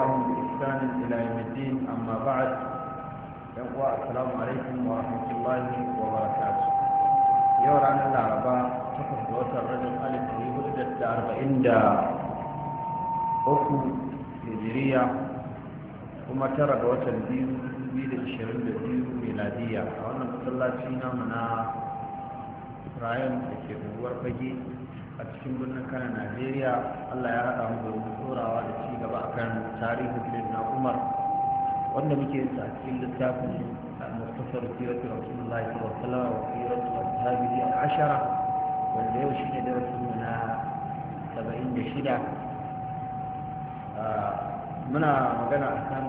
تبعهم بإحسان إلى يوم الدين أما بعد يقوى السلام عليكم ورحمة الله وبركاته يورانا العرباء تقف دوت الرجل ألف في هدى أربعين دا أكو هجرية وما ترى دوت الدين بيد الشرين الدين ميلادية وأنا مسلاتينا منا رايم في كيبوار بجي a cikin birnin kana najeriya allah ya haɗa mu da tsorawa da ci gaba akan tarihin sayyidina umar wanda muke yin sa a cikin littafin mustafar siratu rasulullahi sallallahu alaihi wasallam wa siratu ashabihi al-ashara wanda yau ne darasin mu na shida. muna magana akan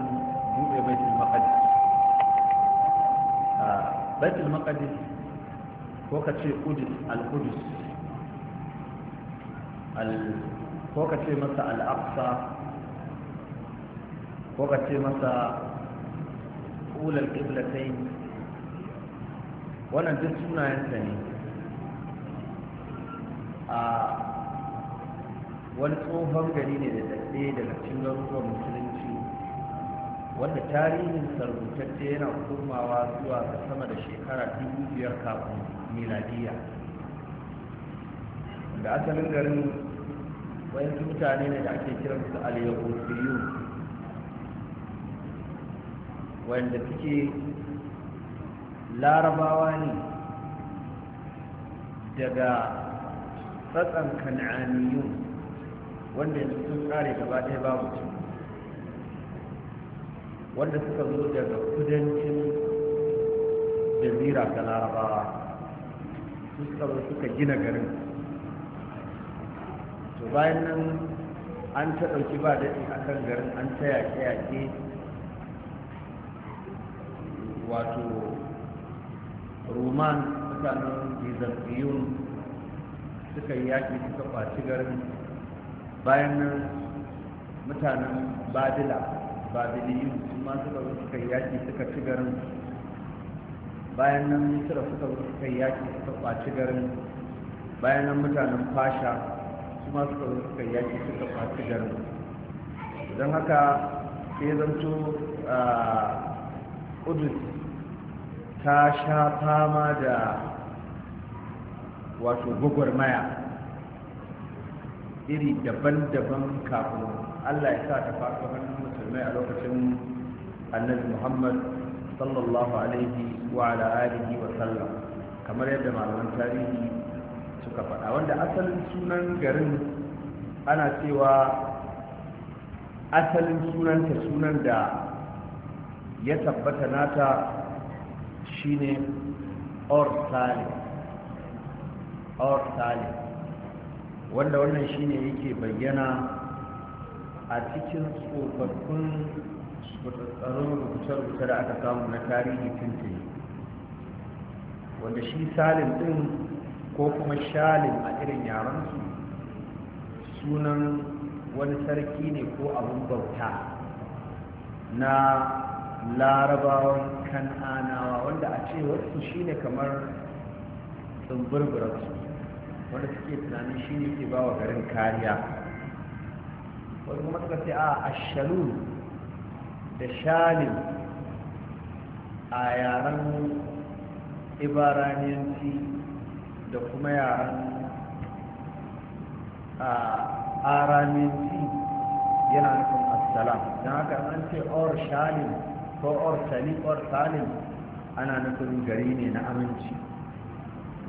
buɗe baitul maqdis baitul maqdis ko ka ce al-qudus ko ka ce masa al'aqsa ko ka ce masa ulal qiblatain wannan duk sunayensa ne a wani tsohon gari ne da daɗe daga cikin ruwan musulunci wanda tarihin sarrutacce yana komawa zuwa ga sama da shekara dubu biyar kafin miladiya da asalin garin wayansu mutane ne da ake kiransu al-yahudiyu wanda suke larabawa ne daga tsatsan kan'aniyun wanda yanzu sun tsare gaba ɗaya babu su wanda suka zo daga kudancin jazira ta larabawa su suka zo suka gina garin bayan nan an ta ɗauki ba daɗi a kan garin an ta yaƙe-yaƙe wato roman mutanen byzantium suka yi yaƙi suka kwaci garin bayan nan mutanen babila babiliyun kuma suka zo suka yi yaƙi suka ci garin bayan nan misira suka zo suka yi yaƙi suka kwaci garin bayan nan mutanen fasha su ma suka suka yaki suka fasi garin don haka sai zanto a ƙudus ta sha fama da wato gwagwarmaya iri daban-daban kafin allah ya sa ta faɗo hannun musulmai a lokacin annabi muhammad sallallahu alaihi wa ala wa sallam kamar yadda malaman tarihi suka faɗa wanda asalin sunan garin ana cewa asalin sunanta sunan da ya tabbata nata shine orsale orsale wanda wannan shine yake bayyana a cikin tsofaffin tsarin rubuce-rubuce da aka samu na tarihi tuntuni wanda shi salim din ko kuma shalin a irin yarensu sunan wani sarki ne ko abin bauta na larabawan kan'anawa wanda a ce wasu shine kamar tsumburburarsu wanda suke tunanin shi ne ke ba wa garin kariya wasu kuma suka sai a ashalu da shalim a yaren ibaraniyanci da kuma yaran a araminci yana nufin assalam don haka an ce or shalim ko or sali or salim ana nufin gari ne na aminci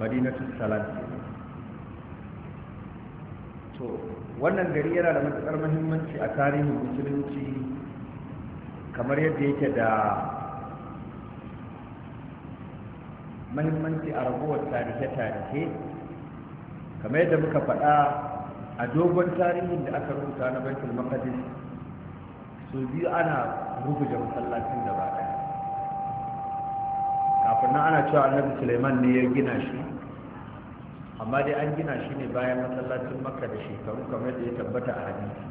madinatu salam to wannan gari yana da matuƙar muhimmanci a tarihin musulunci kamar yadda yake da mahimmanci a raguwar tarihe-tarihe kamar yadda muka faɗa a dogon tarihin da aka rubuta na baitul maqdis su biyu ana rubuta masallacin ba ɗaya kafin nan ana cewa annabi suleiman ne ya gina shi amma dai an gina shi ne bayan masallacin makka da shekaru kamar yadda ya tabbata a hadisi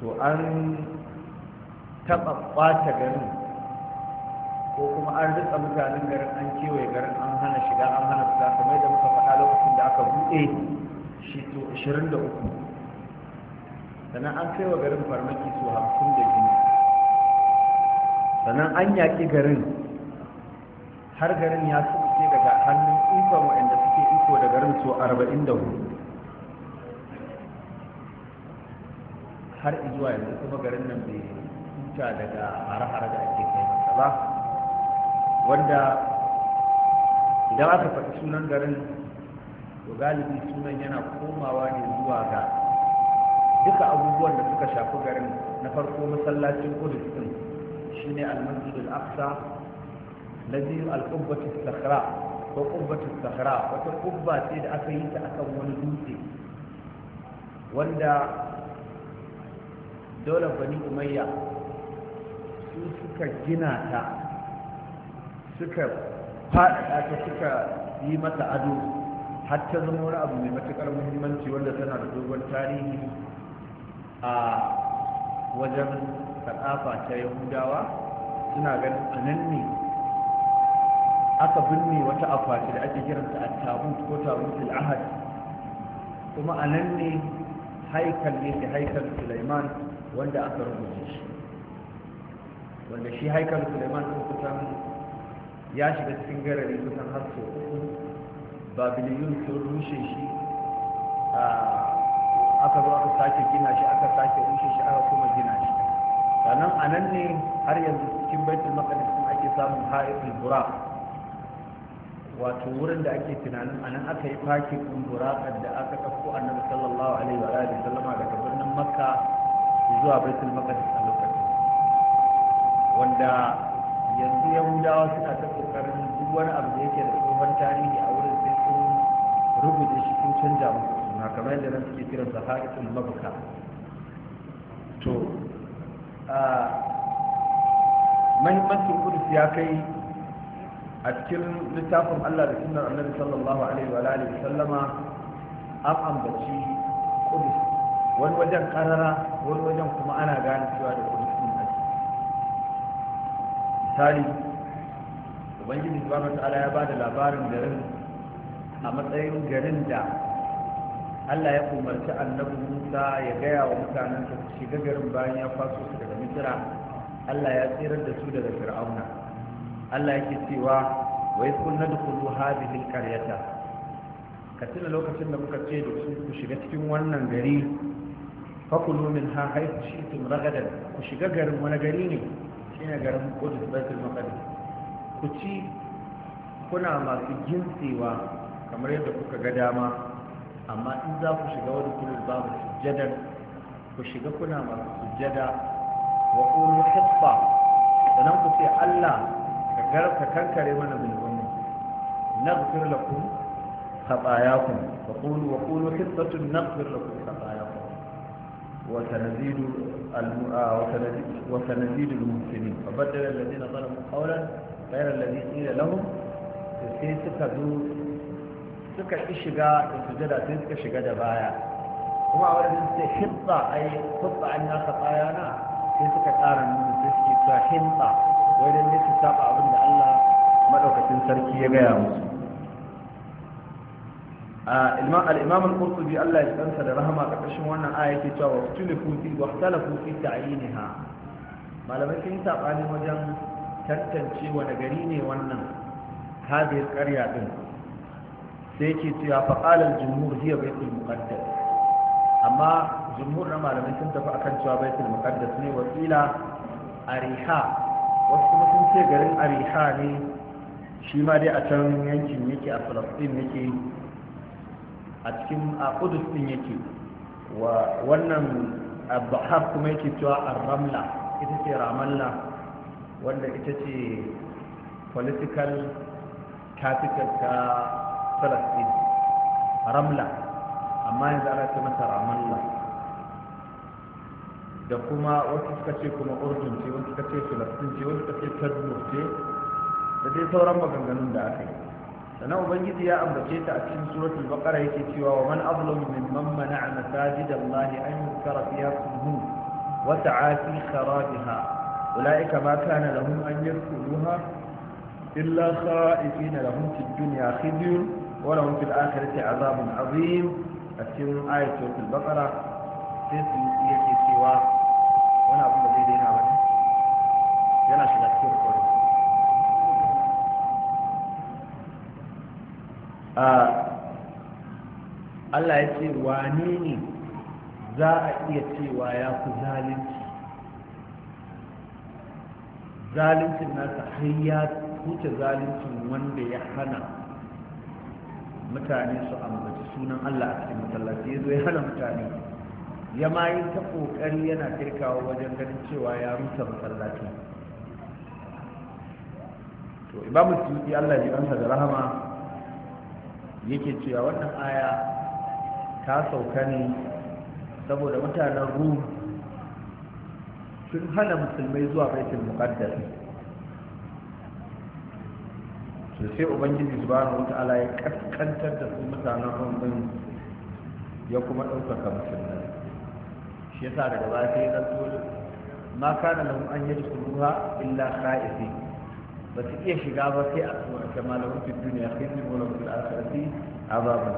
to an taɓa ɓata ganin. ko kuma an rika mutanen garin an kewaye garin an hana shiga an hana fita kamar da muka faɗa lokacin da aka buɗe shi to 23 sannan an kai wa garin farmaki su 52 sannan an yaƙi garin har garin ya suke daga hannun ikon waɗanda suke iko da garin su 44 har izuwa yanzu kuma garin nan bai huta daga har-har da ake kai masa ba wanda idan aka faɗi sunan garin to galibi sunan yana komawa ne zuwa ga duka abubuwan da suka shafi garin na farko masallacin kudus din shine ne masjid al-aqsa lazi al-qubbatu ko qubbatu sahara wata ƙubba ce da aka yi ta akan wani dutse wanda dole bani umayya su suka gina ta suka faɗaɗa suka yi mata ado har ta zama wani abu mai matuƙar muhimmanci wanda tana da dogon tarihi a wajen kaɗafa ta yahudawa suna ganin a nan ne aka binne wata akwati da ake kiranta a tabu ko tabu ahad kuma a nan ne haikal ne da haikal suleiman wanda aka rubuce shi wanda shi haikal suleiman sun kusan ya shiga cikin garari kusan har sau uku babiliyun sun rushe shi aka zo aka sake gina shi aka sake rushe shi aka kuma gina shi sannan a nan ne har yanzu cikin baitul maqdis din ake samun haifin bura wato wurin da ake tunanin a nan aka yi fakin din buraƙar da aka ɗauko annabi sallallahu alaihi wa alihi sallama daga birnin makka zuwa baitul maqdis a lokacin wanda yanzu yahudawa suna ta kokarin duk wani abu da yake da tsohon tarihi a wurin sai sun rubuta shi sun canja musu suna kamar yadda nan suke kiran sa haƙiƙin mabuka to mahimmancin kudus ya kai a cikin littafin Allah da sunan annabi sallallahu alaihi wa alihi sallama an ambaci kudus wani wajen karara wani wajen kuma ana gane cewa da misali ubangiji subhanahu ta'ala ya bada labarin garin a matsayin garin da Allah ya umarci annabi Musa ya gaya wa mutanen su shiga garin bayan ya kwaso su daga Misra Allah ya tsirar da su daga Fir'auna Allah yake cewa wa yakun nadkhulu hadhihi alqaryata ka tuna lokacin da kuka ce da su ku shiga cikin wannan gari fakulu min ha haifu shi tun ragadan ku shiga garin wani gari ne shine garin Qudus Baitul Maqdis ku ci kuna masu jinsewa kamar yadda kuka ga dama amma in za ku shiga wani kulul babu sujjadar ku shiga kuna masu sujjada wa kuma hifa sannan ku ce Allah ka garka kankare mana zunubanmu naghfir lakum ku wa qulu wa qulu hifatun naghfir lakum وسنزيد وسنزيد المحسنين فبدل الذين ظلموا قولا غير الذي قيل لهم sai suka zo suka ƙi shiga da sujada sai suka shiga da baya kuma a wajen sai himba a yi himba an nasa bayana sai suka tsara nuna sai suke cewa himba wajen ne su saba abin da Allah maɗaukacin sarki ya gaya musu الإمام القرطبي الله يستنسى لرحمة كشم وانا آية كتاب واختلفوا في واختلفوا في تعيينها ما لم يكن تقاني وجن تنتنشي ونقريني وانا هذه القرية دين سيكي تيا فقال الجمهور هي بيت المقدس أما جمهورنا ما لم يكن تفأكن تيا بيت المقدس ني وسيلة أريحا وسمتن تيا قرين أريحا ني شيما دي أتن ينكي يكي أفلسطين يكي a cikin a kudus din yake wa wannan abdahab kuma yake cewa ar-ramla ita ce ramalla wanda ita ce political capital ta palestine ramla amma yanzu ana ce mata ramalla da kuma wasu suka ce kuma urdun ce wasu suka ce palestine ce wasu suka ce tarzo ce da dai sauran maganganun da aka yi sannan ubangiji ya ambace ta a cikin suratul baqara yake cewa wa man azlamu mimman mana'a masajid Allah an yuzkara fiha ismuhu wa sa'a fi kharabiha ulaika ma kana lahum an yadkhuluha illa khaifina lahum fid dunya khizyun wa lahum fil akhirati azabun azim a cikin ayatul baqara sai su yake cewa wani abu da zai daina ba yana shiga cikin Allah ya ce wane ne za a iya cewa ya fi zalunci zaluncin nasa har ya kuce zaluncin wanda ya hana mutane su ambaci sunan Allah a cikin masallaci ya zo ya hana mutane ya ma yi ta kokari yana kirkawa wajen ganin cewa ya rusa masallaci to imamu yi Allah ya ansa da rahama yake cewa wannan aya ta sauka ne saboda mutanen ruhu sun hana musulmai zuwa baitul muqaddas to sai ubangiji subhanahu wataala ya kaskantar da su mutanen ruhu ya kuma ɗaukaka musulmai shi yasa daga baya sai ya zanto ma kana lahum an yadkhuluha illa khaifin ba su iya shiga ba sai a tsorata malamin fi duniya sai su gona mutu al'asarfi a babin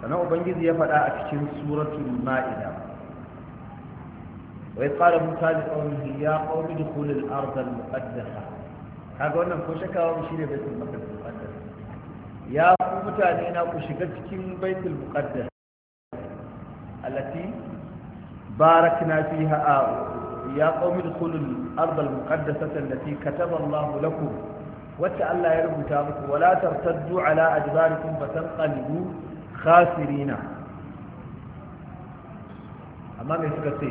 sannan ubangiji ya faɗa a cikin suratul ma'ida wai tsara musa da ƙaunin ya ƙaunin da kulil arzal muƙaddasa kaga wannan ko shakawa shi ne bai sun makasar muƙaddasa ya ku mutane na ku shiga cikin baitul muqaddas allati barakna fiha ya qaumi dukhulul ardal muqaddasata allati kataba Allahu lakum wacce Allah ya rubuta muku wala tartaddu ala adbarikum fatanqalibu khasirina amma mai suka ce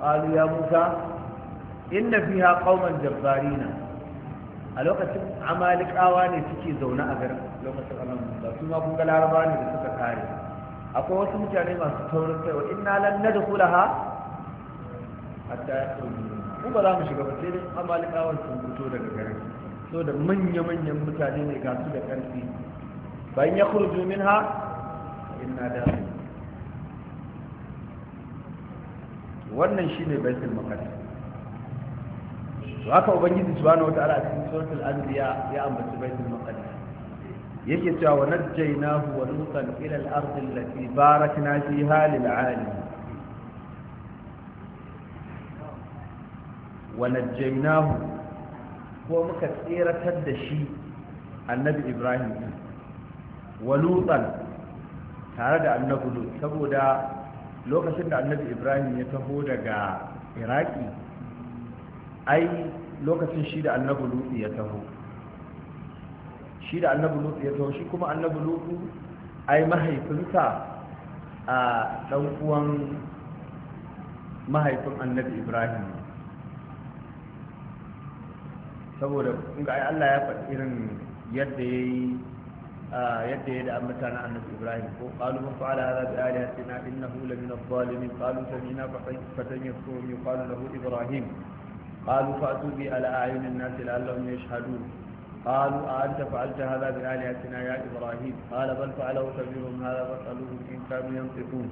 qalu ya Musa inna fiha qauman jabbarina a lokacin amalikawa ne suke zaune a garin lokacin annabi Musa su ma kun larabawa ne da suka kare akwai wasu mutane masu taurin kaiwa inna lan nadkhulaha hatta yaqulu mu ba za mu shiga ba sai dai amalikawan sun fito daga garin so da manya-manyan mutane ne ga su da ƙarfi bayan ya kurju min ha inna da wannan shi ne baitul maqdis to haka ubangiji subhanahu wataala a cikin suratul anbiya ya ambaci baitul maqdis yake cewa wa najjaynahu wa lutan ila al-ardi allati barakna fiha lil wa najjaynahu ko muka tseratar da shi annabi ibrahim wa lutan tare da annabi lut saboda lokacin da annabi ibrahim ya taho daga iraki ai lokacin shi da annabi lut ya taho shi da annabu lutu ya zo shi kuma annabu lutu ai mahaifinsa a ɗan uwan mahaifin annabi ibrahim saboda ga ai allah ya faɗi irin yadda ya yi yadda ya da mutanen annabi ibrahim ko qalu man fa'ala hadha bi alihatina innahu la min adh-dhalimin qalu sami'na fatan yaqulu qalu lahu ibrahim qalu fa'tu bi ala a'yunin nas la'allahum shahadu. قالوا أأنت فعلت هذا بآلهتنا يا إبراهيم قال بل فعله كبيرهم هذا فاسألوهم إن كانوا ينطقون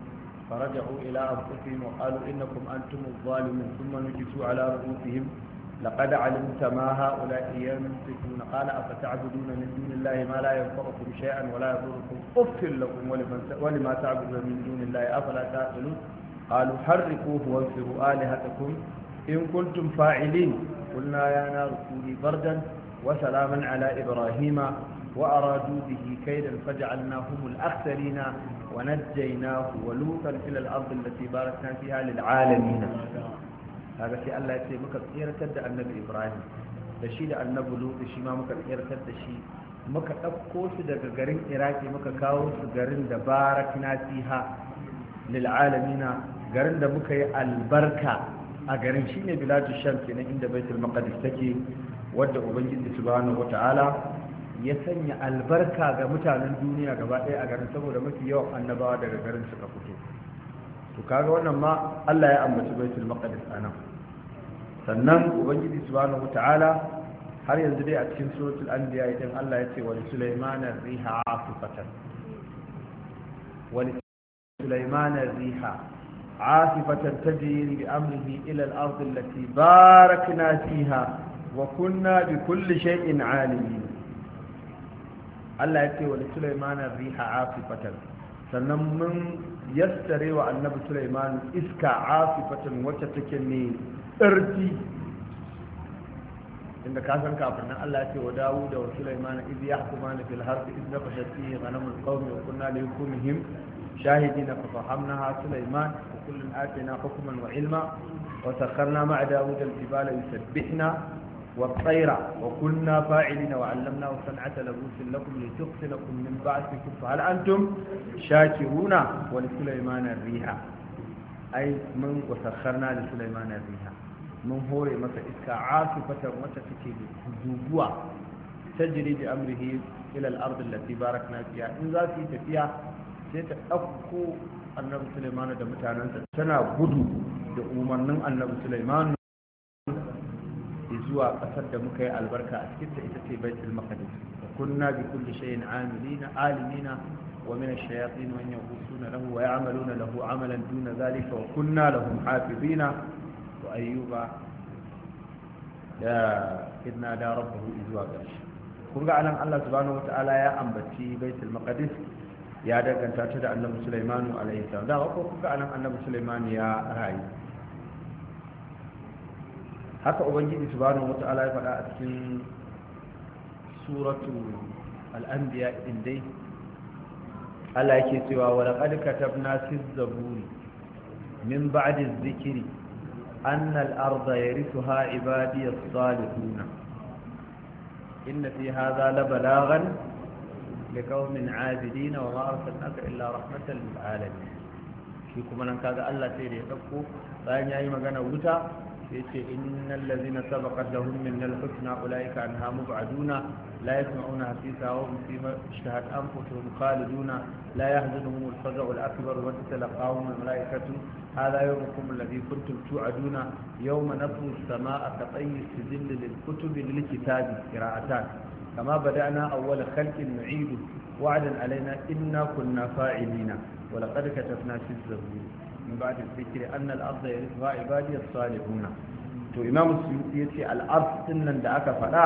فرجعوا إلى أنفسهم وقالوا إنكم أنتم الظالمون ثم نجسوا على رؤوسهم لقد علمت ما هؤلاء ينطقون قال أفتعبدون من دون الله ما لا ينفعكم شيئا ولا يضركم أفل لكم ولما تعبدون من دون الله أفلا تأكلون قالوا حرقوه وانفروا آلهتكم إن كنتم فاعلين قلنا يا نار كوني بردا وسلاما على إبراهيم وأرادوا به كيدا فجعلناهم الأخسرين ونجيناه ولوطا إلى الأرض التي باركنا فيها للعالمين هذا في الله يتي مكا إيرتد النبي إبراهيم تشيد النبي لوط شما مكا إيرتد شي مكا أبقوش دقا قرين إراكي مكا كاوش قرين باركنا فيها للعالمين قرين دبكي البركة a garin shi ne biladu sham kenan inda baitul maqdis take wadda ubangiji subhanahu wata'ala ya sanya albarka ga mutanen duniya gaba ɗaya a garin saboda mafi yawan annabawa daga garin suka fito to kaga wannan ma Allah ya ambaci baitul maqdis anan sannan ubangiji subhanahu wata'ala har yanzu dai a cikin suratul anbiya idan Allah ya ce wa sulaiman riha asifatan wa sulaiman riha asifatan tajri bi amrihi ila al-ardh allati barakna fiha wa kunna bi kulli shay'in alimin Allah ya ce sannan mun yassare wa annabi Suleiman iska asifatan wacce take ne tsarki inda kasan kafin nan Allah ya ce wa Dawud da wa Sulaiman iz yahkumana fil harbi iz nafashat fihi ghanamul qawmi wa kunna li hukmihim شاهدين ففهمناها سليمان وكل آتنا حكما وعلما وسخرنا مع داود الجبال يسبحنا والطير وكنا فاعلين وعلمناه صنعة لبوس لكم لتحصنكم من بعثكم فهل أنتم شاكرون ولسليمان الريح أي من وسخرنا لسليمان الريح من هوري مثل إسكا عاصفة وتتكيد هدوبوا تجري بأمره إلى الأرض التي باركنا فيها إن ذا في تفيا سيتأكو annabi Sulaiman da mutanensa tana gudu da umarnin annabi Sulaiman zuwa kasar da muka yi albarka a cikinta ita ce baitul maqdis kunna bi kulli shay'in amilina alimina wa min ash-shayatin man yahusuna lahu wa ya'maluna lahu amalan duna zalika wa kunna lahum hafizina wa ayyuba da idna da rabbuhu zuwa ƙarshe kun ga anan Allah subhanahu wata'ala ya ambaci baitul maqdis ya danganta ta da annabi Sulaiman alaihi salam da ko kuka anan annabi Sulaiman ya rayu haka ubangiji subhanahu ala ya faɗa a cikin suratu al'anbiya din dai Allah yake cewa wa laqad katabna fi zaburi min ba'di dhikri anna al-arda yarithuha ibadiy as-salihun inna fi hadha la balaghan liqaumin 'abidin wa ma arsalnaka illa rahmatan lil alamin shi kuma nan kaga Allah sai da ya dauko bayan yayi magana wuta yace innal ladzina sabaqat lahum min al-husna ulaika anha mub'aduna la yasma'una hasisa wa hum fi ishtahat anfusuhum khaliduna la yahzunuhum al-faza'u al-akbar wa tatalaqahum al-malaikatu هذا يومكم الذي كنتم توعدون يوم نطوي السماء كطي السجل للكتب للكتاب قراءتان كما بدأنا أول خلق نعيده وعدا علينا إنا كنا فاعلين ولقد كتبنا في الزبور min ba'd da zikri anna al-ardha yarithuha ibadiy salihuna to imam suyuti ya ce ard nan da aka faɗa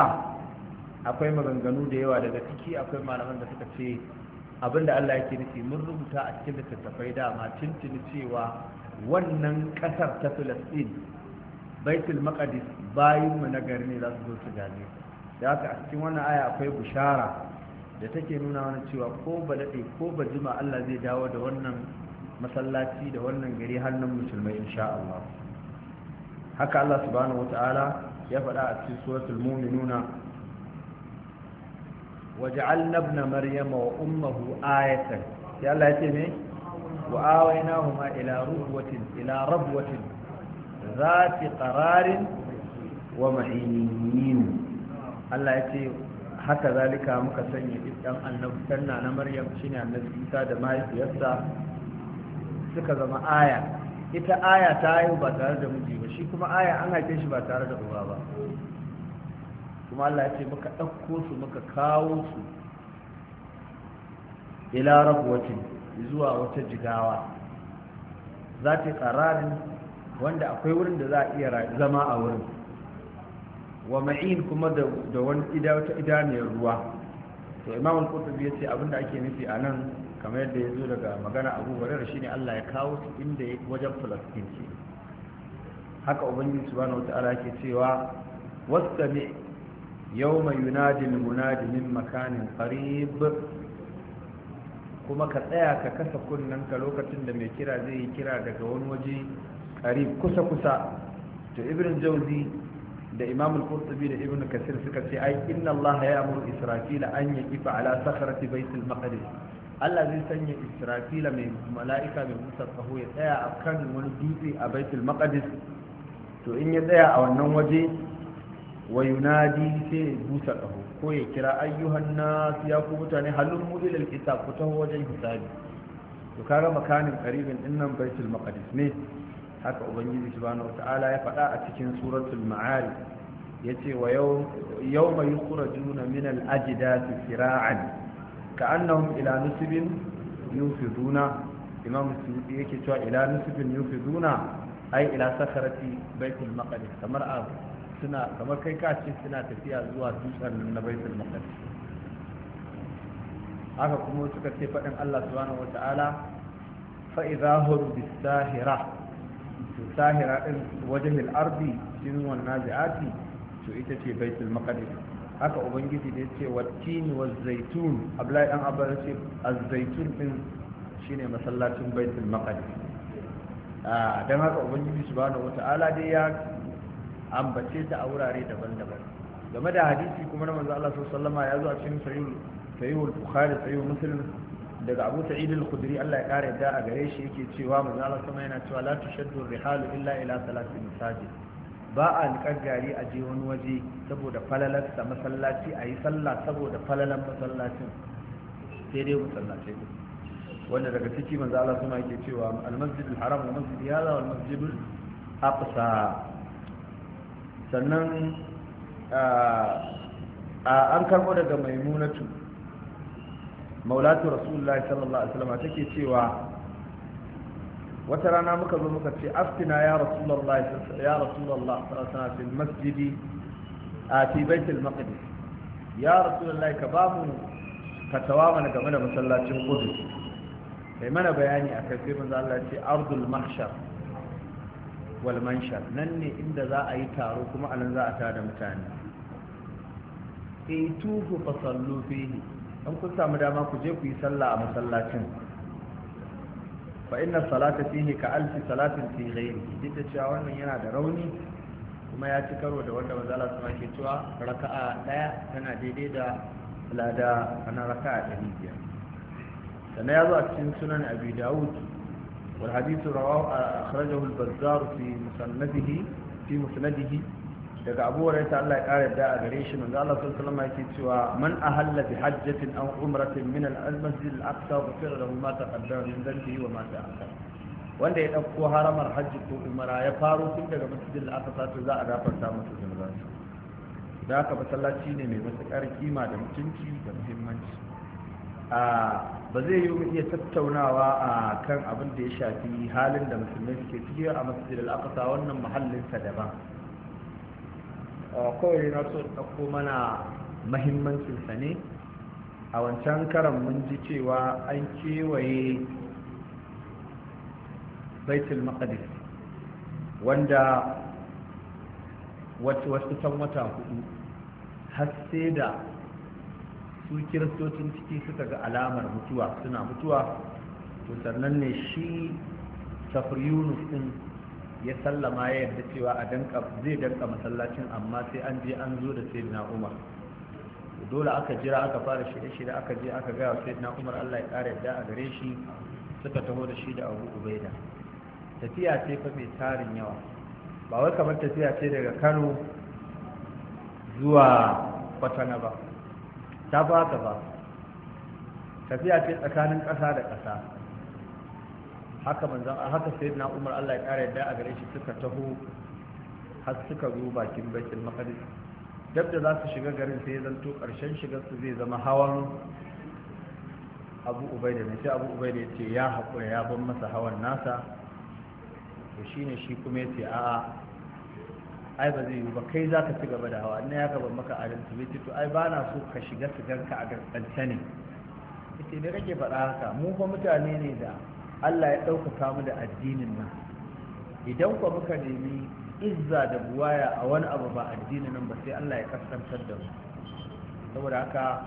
akwai maganganu da yawa daga ciki akwai malaman da suka ce abinda Allah ya ke nufi mun rubuta a cikin littattafai dama tuntuni cewa wannan kasar ta Filistin baitul maqdis bayin mu na gari ne za su zo su gane da haka a cikin wannan aya akwai bushara da take nuna mana cewa ko ba ko ba jima Allah zai dawo da wannan masallaci da wannan gari hannun musulmai insha Allah haka Allah subhanahu wata'ala ya faɗa a cikin suratul mu'minuna waj'alna ibna maryama wa ummuhu ayatan ya Allah yace ne wa awaynahuma ila ruhwatin ila rabwatin zati qararin wa mahinin Allah yace haka zalika muka sanya dan annabi sanna na maryam shine annabi Isa da mahaifiyarsa suka zama aya ita aya ta haihu ba tare da miji ba shi kuma aya an haife shi ba tare da uba ba kuma Allah ya ce muka ɗauko su muka kawo su ila rabuwatin zuwa wata jigawa za ta ƙararin wanda akwai wurin da za a iya zama a wurin wa ma'in kuma da wani wata idaniyar ruwa to imamul qurtubi yace abinda ake nufi a nan kamar yadda ya zo daga magana abu shi shine Allah ya kawo su inda ya wajen Palestine ce haka ubangiji wata ala ke cewa wastami yawma yunadi al-munadi min makanin qarib kuma ka tsaya ka kasa kunnen ka lokacin da mai kira zai yi kira daga wani waje karib kusa kusa to ibrin jawzi da imam al-qurtubi da ibn kasir suka ce ai inna allaha ya'muru israfila an yaqifa ala sakhrati baitul al-maqdis Allah zai sanya Israfila mai mala'ika mai musa kaho ya tsaya a kan wani dutse a Baitul Maqdis to in ya tsaya a wannan waje wa yunadi sai ya busa kaho ko ya kira ayyuhan nas ya ku mutane halun mu ilal kitab ku taho wajen hisabi to kaga makanin qaribin dinnan Baitul Maqdis ne haka ubangiji subhanahu wata'ala ya faɗa a cikin suratul ma'arij yace wa yawma yukhrajuna min al-ajdati sira'an ka annahum ila nusibin yufiduna imam suyuti yake cewa ila nusibin yufiduna ai ila sakharati baitul maqdis kamar kamar kai ka ce suna tafiya zuwa dutsen na baitul maqdis haka kuma suka ce faɗin Allah subhanahu wata'ala fa idza hum bisahira to sahira din to ita ce haka ubangiji da ya ce wattini wa zaitun abdullahi dan abba ce azzaitun din shine masallacin baitul maqdis ah dan haka ubangiji subhanahu wataala dai ya ambace ta a wurare daban-daban game da hadisi kuma na manzo Allah sallallahu alaihi wasallam ya zo a cikin sahih sahih al-bukhari sahih muslim daga Abu Sa'id al-Khudri Allah ya kare da a gare shi yake cewa manzo Allah sallallahu alaihi wasallam yana cewa la tushaddu ar-rihalu illa ila thalathi masajid ba a niƙar gari a je wani waje saboda da masallaci a yi sallah saboda falalar masallacin sai dai masallacin wanda daga ciki manzo Allah kuma yake cewa al-masjidul haram wa masjidul hadha wa masjidul aqsa sannan an karbo daga maimunatu maulatu rasulullahi sallallahu alaihi wasallam take cewa wata rana muka zo muka ce aftina ya rasulullah ya rasulullah sallallahu fil masjidi a fi baitul maqdis ya rasulullah ka ba mu fatawa mana game da masallacin qudus kai mana bayani a kai sai manzo Allah ya ce ardul mahshar wal manshar nan ne inda za a yi taro kuma anan za a tada mutane itufu fasallu fihi an kun samu dama ku je ku yi sallah a masallacin fa inna salata fihi ka alfi salatin fi ghairi duk da cewa wannan yana da rauni kuma ya ci karo da wanda manzo Allah ke cewa raka'a daya tana daidai da lada ana raka'a 500 sannan ya zo a cikin sunan abi dawud wal hadithu rawahu akhrajahu al-bazzar fi musnadihi fi musnadihi daga abu hurairah Allah ya kare da a gare shi manzo Allah sallallahu alaihi wasallam yake cewa man ahalla bi hajjatin aw umratin min al-masjid al-aqsa ghufira lahu ma taqaddama min dhanbihi wa ma ta'akhkhara wanda ya dauko haramar hajji ko umara ya faro tun daga masjid al-aqsa to za a gafarta masa zunuban da haka masallaci ne mai matukar kima da mutunci da muhimmanci ba zai yi iya tattaunawa a kan abin da ya shafi halin da musulmai suke ciki a masjid al-aqsa wannan muhallinsa daban Eh, kawai na so ɗauko mana mahimmancinsa ne a wancan karan mun ji cewa an kewaye baitul maqdis wanda wasu wasu wata hudu har sai da su kiristocin ciki suka ga alamar mutuwa suna mutuwa to sannan ne shi safar yunus din ya sallama ya yarda cewa a danka zai danka masallacin amma sai an je an zo da sayyidina umar dole aka jira aka fara shirye-shirye aka je aka gaya wa sayyidina umar allah ya kare yadda a gare shi suka taho da shi da abu ubaida tafiya ce fa mai tarin yawa ba wai kamar tafiya ce daga kano zuwa kwatana ba ta ba ta ba tafiya ce tsakanin ƙasa da ƙasa haka manzan haka sayyidina Umar Allah ya kare yadda a gare shi suka taho har suka zo bakin bakin makadis dab da za su shiga garin sai ya zanto karshen shigar su zai zama hawan Abu Ubaida ne sai Abu Ubaida ya ce ya haƙura ya ban masa hawan nasa to shine shi kuma ya ce a'a ai ba zai yi ba kai za ka ci gaba da hawa ina ya gaban maka adalci bai to ai ba na so ka shiga su ganka a gaskance ne ita ne rage faɗa haka mu fa mutane ne da Allah ya ɗaukaka mu da addinin nan idan kuwa muka nemi izza da buwaya a wani abu ba addinin nan ba sai Allah ya kaskantar da mu saboda haka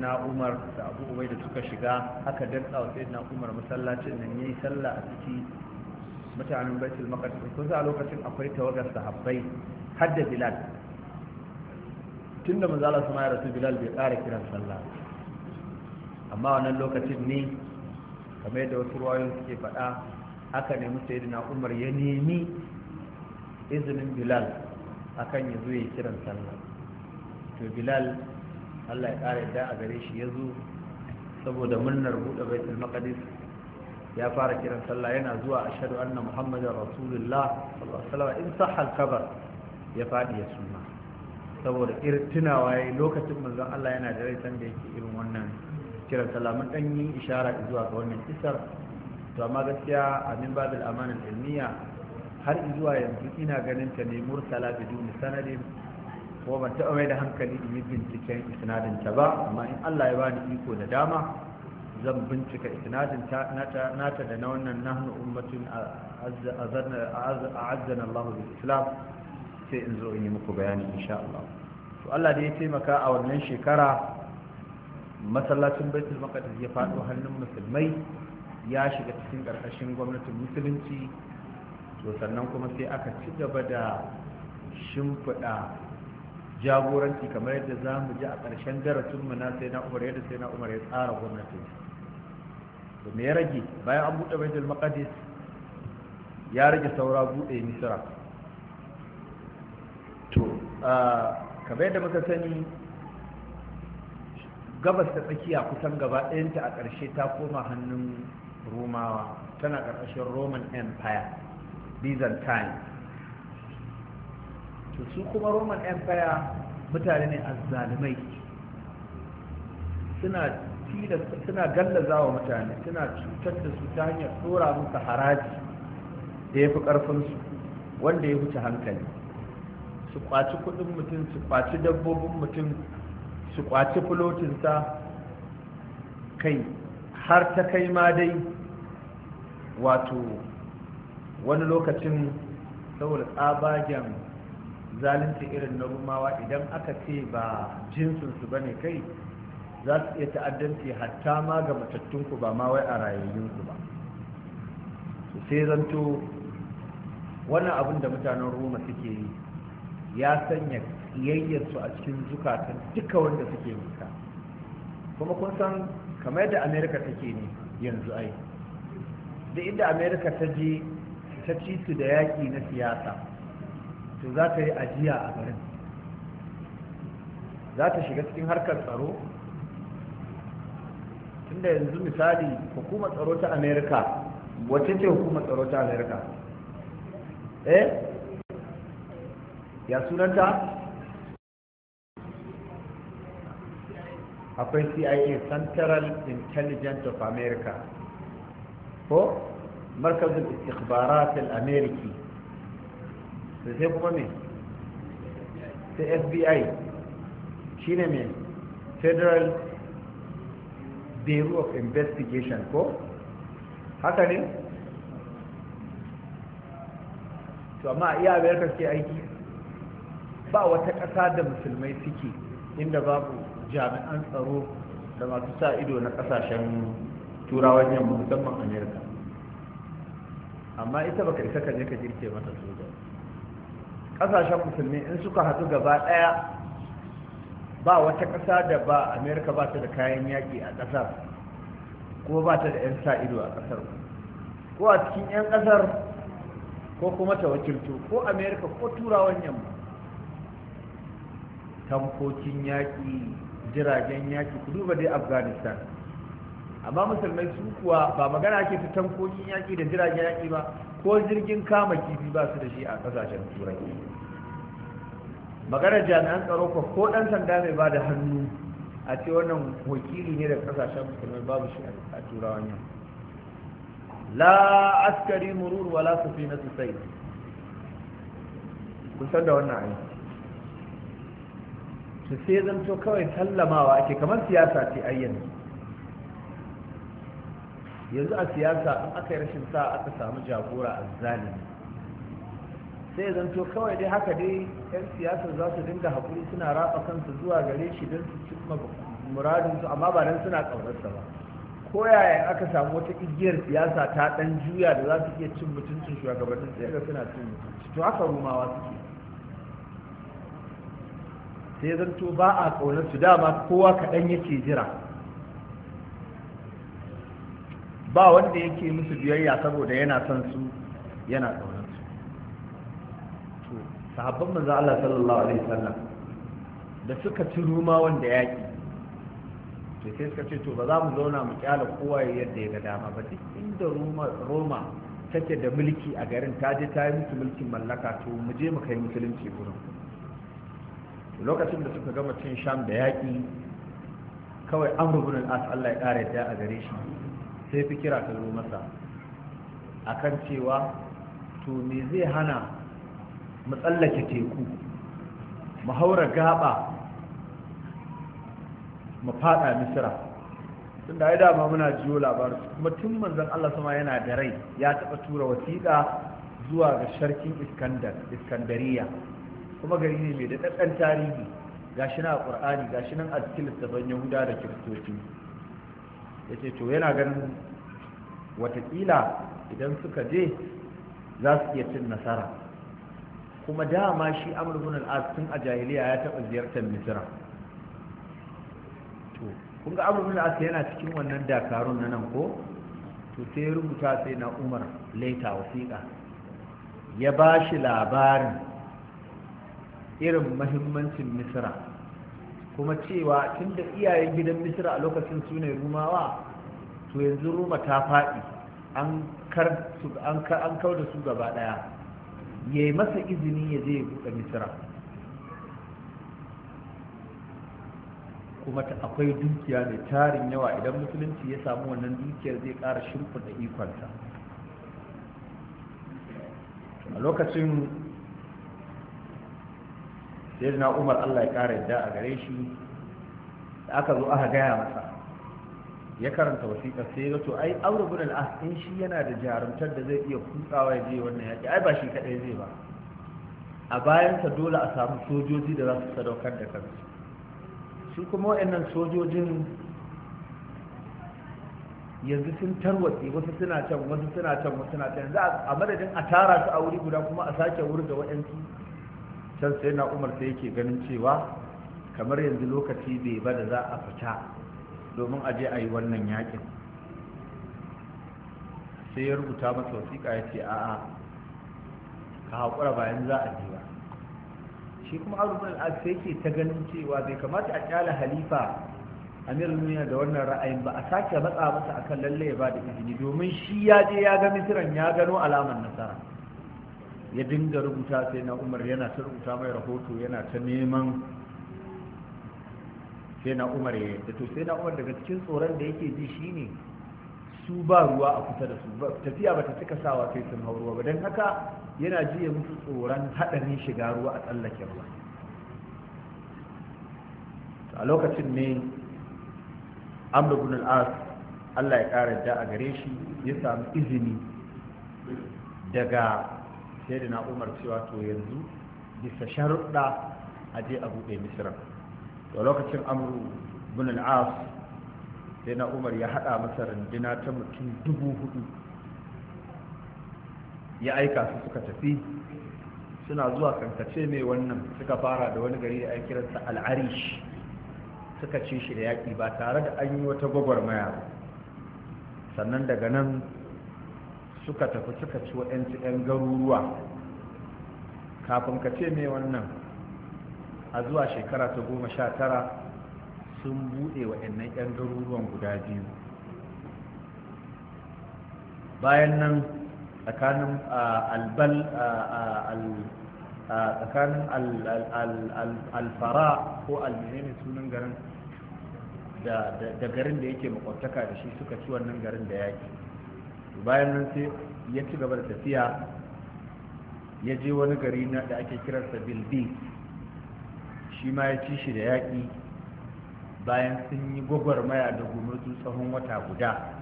na Umar da Abu da suka shiga aka dantsa wa na Umar masallacin nan yayi sallah a ciki mutanen Baitul Maqdis ko a lokacin akwai tawagar sahabbai har da Bilal tunda manzo Allah sama ya rasu Bilal bai ƙara kiran sallah amma wannan lokacin ne kamar da wasu ruwayoyi suke faɗa haka ne musa yadda umar ya nemi izinin bilal akan ya zo ya kiran sallah to bilal allah ya ƙara yadda a gare shi ya zo saboda murnar buɗe baitul maqdis ya fara kiran sallah yana zuwa ashhadu anna muhammadin rasulullah sallallahu in sahal kabar ya faɗi ya suna saboda irin tunawa yi lokacin manzon Allah yana da rai san da yake irin wannan kira sallah dan yi ishara zuwa ga wannan kisar to amma gaskiya a min babil amanan ilmiya har zuwa yanzu ina ganin ta ne mursala bidun sanadin ko ban taɓa mai da hankali in yi binciken isnadinta ba amma in Allah ya bani iko da dama zan bincika isnadinta nata da na wannan nahnu ummatin a'azzana Allah bil Islam sai in zo in yi muku bayani insha Allah to Allah da ya taimaka a wannan shekara masallacin baitul maqdis ya faɗo hannun musulmai ya shiga cikin ƙarƙashin gwamnatin musulunci to sannan kuma sai aka ci gaba da shimfiɗa jagoranci kamar yadda za mu ji a ƙarshen darasin mu na sai na umar yadda sai na umar ya tsara gwamnatin to me ya rage bayan an buɗe baitul maqdis ya rage saura buɗe misra to ah, kamar yadda muka sani gabas ta tsakiya kusan gaba ɗayanta a ƙarshe ta koma hannun romawa tana ƙarƙashin roman empire byzantine to su kuma roman empire mutane ne a zalimai suna gallaza wa mutane suna cutar da su ta hanyar tsora musu haraji da ya fi ƙarfinsu wanda ya wuce hankali su kwaci kuɗin mutum su kwaci dabbobin mutum su kwaci fulotinsa kai har ta kai ma dai wato wani lokacin saboda tsabagen zalunci irin na rumawa idan aka ce ba jinsinsu ba ne kai za su iya ta'addanci hatta ma ga matattunku ba ma wai a rayayyunsu ba sai zanto wannan abin da mutanen roma suke yi ya sanya ƙiyayyarsu a cikin zukatan duka wanda suke muka kuma kun san kamar yadda amerika take ne yanzu ai da inda amerika ta je ta ci su da yaƙi na siyasa to za ta yi ajiya a garin za ta shiga cikin harkar tsaro tunda yanzu misali hukumar tsaro ta amerika wacce ce hukumar tsaro ta amerika eh ya sunanta akwai cia central intelligence of america ko markazin istikbarat al-ameriki da sai kuma me sai fbi shine me federal bureau of investigation ko haka ne to amma iya amerika ke aiki ba wata kasa da musulmai suke inda babu jami'an tsaro da masu sa ido na kasashen turawan yamma musamman amerika amma ita baka isa kan je ka jirke mata soja kasashen musulmi in suka hadu gaba daya ba wata ƙasa da ba amerika ba ta da kayan yaƙi a ƙasar ko ba ta da 'yan sa ido a ƙasar ko a cikin 'yan ƙasar ko kuma ta wakilto ko amerika ko turawan yamma tankokin yaƙi jiragen yaki ku duba dai afghanistan amma musulmai su kuwa ba magana ake ta tankokin yaki da jiragen yaki ba ko jirgin kama kifi ba su da shi a kasashen turai magana jami'an tsaro ko ko dan sanda mai ba da hannu a ce wannan wakili ne da kasashen musulmai babu shi a turawan yau la askari murur wala safinatu sayd kun san da wannan ayi da sai zanto kawai sallamawa ake kamar siyasa ce ayyana yanzu a siyasa in aka yi rashin sa aka samu jagora a zalimi sai zanto kawai dai haka dai yan siyasa za su dinga haƙuri suna rafa kansu zuwa gare shi don su cimma muradinsu amma ba don suna ƙaunarsa ba ko yaya aka samu wata igiyar siyasa ta ɗan juya da za su iya cin mutuncin shugabannin sai ga suna cin mutunci to haka rumawa suke sai zanto ba a ƙaunar su dama kowa kaɗan yake jira ba wanda yake musu biyayya saboda yana son su yana ƙaunar su to sahabban manzo Allah sallallahu alaihi wasallam da suka ci ruma wanda yaki to sai suka ce to ba za mu zauna mu kyala kowa yadda ya ga dama ba duk inda roma roma take da mulki a garin ta je ta yi musu mulkin mallaka to mu je mu kai musulunci gurin lokacin da suka gama cin sham da yaƙi kawai an rubunin as allah ya ƙara ya a gare shi sai fi kira ta zo masa akan cewa to me zai hana mu tsallake teku mu haura gaba mu fada misira tun da ya dama muna jiyo labar kuma tun manzan allah sama yana da rai ya taɓa tura wasiƙa zuwa ga sharkin iskandariya kuma gari ne mai daɗaɗɗen tarihi ga shi na a ga shi nan a cikin littafin yahuda da kiristoci ya ce to yana ganin watakila idan suka je za su iya cin nasara kuma dama shi amur al'ad tun a jahiliya ya taɓa ziyartar misira to kun ga al'ad yana cikin wannan dakarun na nan ko to sai rubuta sai na umar laita wasiƙa ya ba shi labarin irin mahimmancin Misira. kuma cewa tun da iyayen gidan Misira a lokacin su ne rumawa to yanzu ruma ta faɗi an kawo da su gaba ɗaya ya yi masa izini ya je buɗe Misira. kuma ta akwai dukiya mai tarin yawa idan musulunci ya samu wannan dukiyar zai ƙara da ikonta a lokacin sai na umar allah ya kara yadda a gare shi da aka zo aka gaya masa ya karanta wasiƙa sai ya to ai aure bin al'as shi yana da jarumtar da zai iya kutsawa ya je wannan yaƙi ai ba shi kaɗai zai ba a bayansa dole a samu sojoji da za su sadaukar da kansu su kuma waɗannan sojojin yanzu sun tarwatsi wasu suna can wasu suna can wasu suna can yanzu a madadin a tara su a wuri guda kuma a sake wurga waɗansu can sai na umar sai yake ganin cewa kamar yanzu lokaci bai ba da za a fita domin aje a yi wannan yakin sai ya rubuta masa wasiƙa ya ce a'a ka haƙura bayan za a je ba shi kuma abubuwan al'ad sai yake ta ganin cewa bai kamata a kyala halifa amir nuna da wannan ra'ayin ba a sake matsa masa akan lalle ba da izini domin shi ya je ya ga misiran ya gano alamar nasara ya dinga rubuta sai na umar yana ta rubuta mai rahoto yana ta neman sai na umar ya yadda to sai na umar daga cikin tsoron da yake ji shi ne su ba ruwa a kusa da su tafiya ba ta cika sawa sai sun hau ruwa ba don haka yana ji ya mutu tsoron haɗarin shiga ruwa a tsallake ruwa a lokacin ne amr ibn as Allah ya ƙara da a gare shi ya samu izini daga sai da na umar cewa to yanzu bisa sharuɗa a je a buɗe misira to lokacin amru bin al'as sai na umar ya haɗa masa rundina ta mutum dubu hudu ya aika su suka tafi suna zuwa kankace mai wannan suka fara da wani gari da ya kiransa al'arish suka ce shi da yaƙi ba tare da an yi wata gwagwarmaya sannan daga nan suka tafi suka ci waɗansu 'yan garuruwa kafin ka ce mai wannan a zuwa shekara ta goma sha tara sun buɗe waɗannan 'yan garuruwan guda biyu bayan nan tsakanin albal tsakanin alfara ko almenene sunan garin da garin da yake makwabtaka da shi suka ci wannan garin da yaki bayan nan sai ya ci gaba da tafiya ya je wani gari na da ake kiransa bilbi shi ma ya ci shi da yaƙi bayan sun yi gwagwarmaya da su tsawon wata guda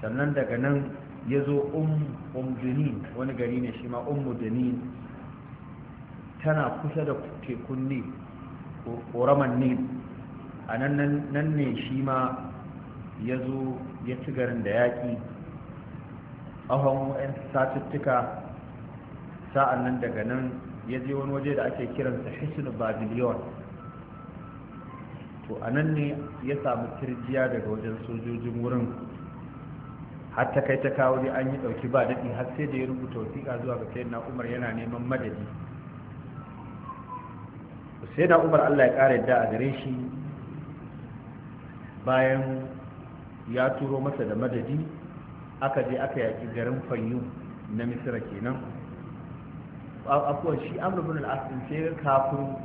sannan daga nan ya zo umduni umm wani gari ne shi ma umduni tana kusa da tekun ne ƙoraman ne a nan ne shi ma ya zo ya ci garin da yaƙi ahon yan satuttuka sa'an nan daga nan ya je wani waje da ake kiransa hisnu babiliyon to a nan ne ya samu tirjiya daga wajen sojojin wurin har ta kai ta kawo ne an yi ɗauki ba daɗi har sai da ya rubuta wasiƙa zuwa ga sayyidina umar yana neman madadi sayyidina umar allah ya ƙara yadda a gare shi bayan ya turo masa da madadi aka je aka yaki garin fayyu na misira kenan Akwai shi amr bin al sai kafin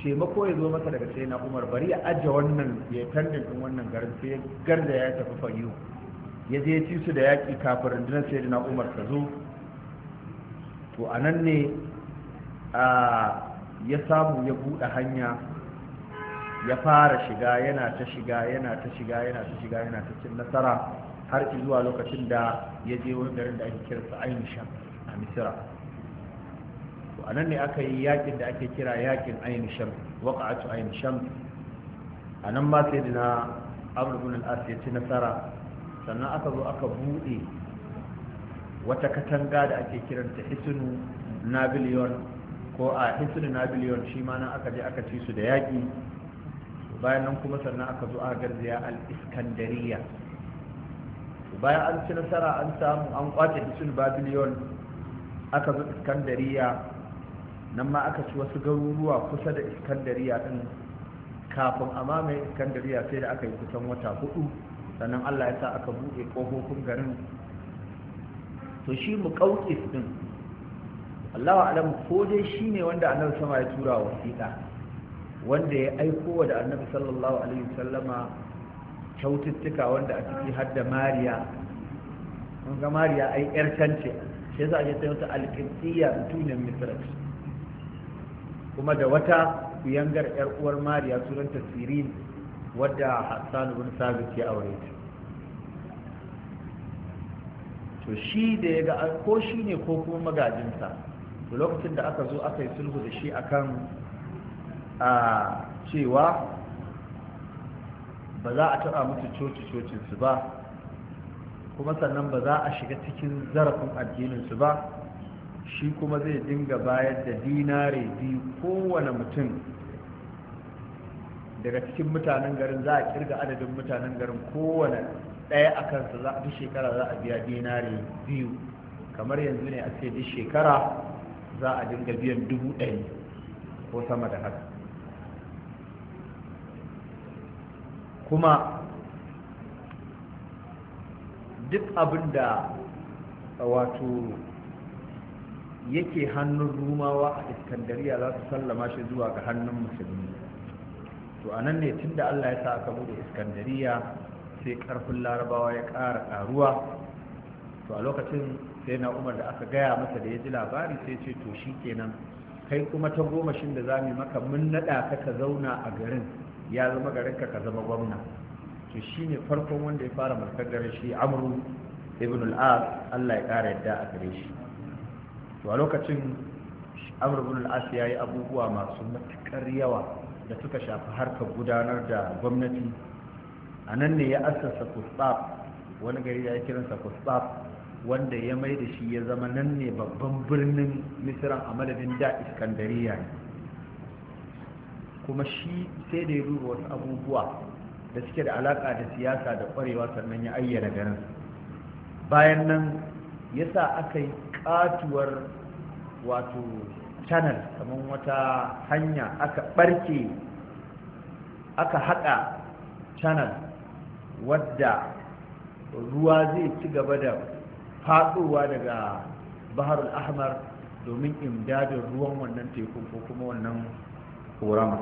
taimako ya zo masa daga sai na umar bari ya ajiye wannan ya tandin din wannan garin sai ya garda ya tafi fayyu ya je ci su da yaki kafin rundunar sai na umar ta zo to a nan ne ya samu ya buɗe hanya ya fara shiga yana ta shiga yana ta shiga yana ta shiga yana ta cin nasara har zuwa lokacin da ya je wani garin da ake su ainisha a misira to a nan ne aka yi yakin da ake kira yakin a nishan ainisham a nan ma sai na abubuwan al'as ya ci nasara sannan aka zo aka buɗe wata katanga da ake kiranta na biliyon ko a na biliyon shi ma nan aka je aka ci su da yaƙi bayan nan kuma sannan aka zo aka garzaya al-iskandariya bayan an ci nasara an samu an kwace bisul babiliyon, aka zo iskandariya nan ma aka ci wasu garuruwa kusa da iskandariya din kafin a mamaye iskandariya sai da aka yi kusan wata hudu sannan allah ya sa aka buɗe ƙofofin garin to shi mu ƙauƙis din allah alam ko dai shi ne wanda annabi sama ya tura wasiƙa wanda ya aiko da annabi sallallahu alaihi wasallama kyaututtuka wanda a ciki har da mariya mun ga mariya ai yar kance sai za a je sai wata alƙibtiyya mutuniyar misra kuma da wata kuyangar yar uwar mariya sunanta tasirin wadda hassan ibn sabit ya aure ta to shi da ya ga ko shi ne ko kuma magajinsa to lokacin da aka zo aka yi sulhu da shi akan a cewa ba za a taɓa musu coci-cocinsu ba kuma sannan ba za a shiga cikin zarafin addininsu ba shi kuma zai dinga bayar da dinare biyu kowane mutum daga cikin mutanen garin za a kirga adadin mutanen garin kowane ɗaya a kansa za a duk shekara za a biya dinare biyu kamar yanzu ne a ce duk shekara za a dinga biyan dubu ɗari ko sama da haka kuma duk abin da wato yake hannun rumawa a iskandariya za su sallama shi zuwa ga hannun musulmi to a nan ne tun da allah ya sa aka bude iskandariya sai karfin larabawa ya kara ƙaruwa to a lokacin sai na umar da aka gaya masa da ya ji labari sai ce to shi kenan kai kuma ta goma gomashin da za mu maka mun naɗa ka ka zauna a garin ya zama garinka ka zama gwamna to shi ne farkon wanda ya fara mulkar garin shi amru ibn al'as allah ya ƙara yadda a gare shi to a lokacin amru ibn al'as ya yi abubuwa masu matukar yawa da suka shafi harkar gudanar da gwamnati a nan ne ya assasa kusbab wani gari ya kiransa kusbab wanda ya mai da shi ya zama nan ne babban birnin misira a madadin da iskandariya ne kuma shi sai da ya duba wasu abubuwa da suke da alaƙa da siyasa da ƙwarewa sannan ya ayyana garin bayan nan ya sa aka yi ƙatuwar wato channel kamar wata hanya aka ɓarke aka haɗa channel wadda ruwa zai ci gaba da faɗowa daga baharul ahmar domin imdadin ruwan wannan teku ko kuma wannan kurama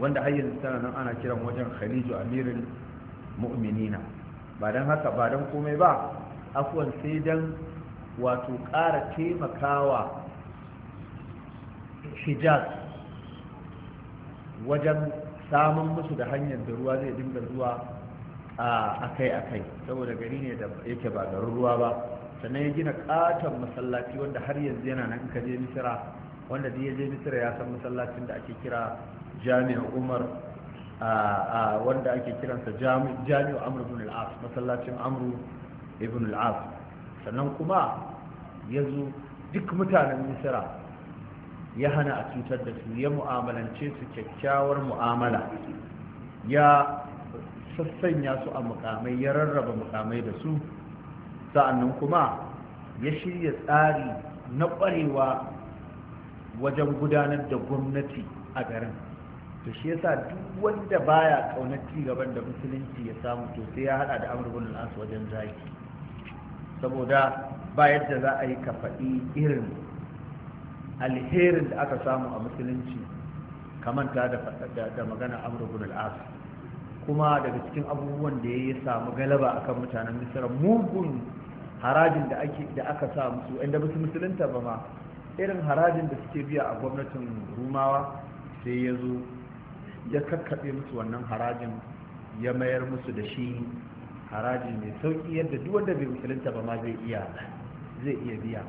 wanda har yanzu tana nan ana kiran wajen khalijo amirin mu'minina ba don haka ba don komai ba afuwan sai don wato ƙara taimakawa hijaz wajen samun musu da hanyar da ruwa zai dinga zuwa a akai-akai saboda gari ne da yake ba garin ruwa ba sannan ya gina katon masallaci wanda har yanzu yana nan ka je misira wanda da ya je misira ya san masallacin da ake kira jami'ar umar wanda ake kiransa jami'u amru ibn al masallacin amru ibn al sannan kuma ya zo duk mutanen misira ya hana a cutar da su ya mu'amalance su kyakkyawar mu'amala ya sassanya su a mukamai ya rarraba mukamai da su sa'annan kuma ya shirya tsari na ƙwarewa wajen gudanar da gwamnati a garin to shi yasa duk wanda baya kaunar ci gaban da musulunci ya samu to sai ya hada da amurbin al'asu wajen zaki saboda ba yadda za a yi ka faɗi irin alherin da aka samu a musulunci ta da da magana amurbin al'asu kuma daga cikin abubuwan da ya yi samu galaba akan mutanen misira mugun harajin da aka sa musu inda musulunta ba ma irin harajin da suke biya a gwamnatin rumawa sai ya zo ya kakkaɓe musu wannan harajin ya mayar musu da shi haraji mai sauƙi yadda duk wanda bai musulunta ba ma zai iya zai iya biya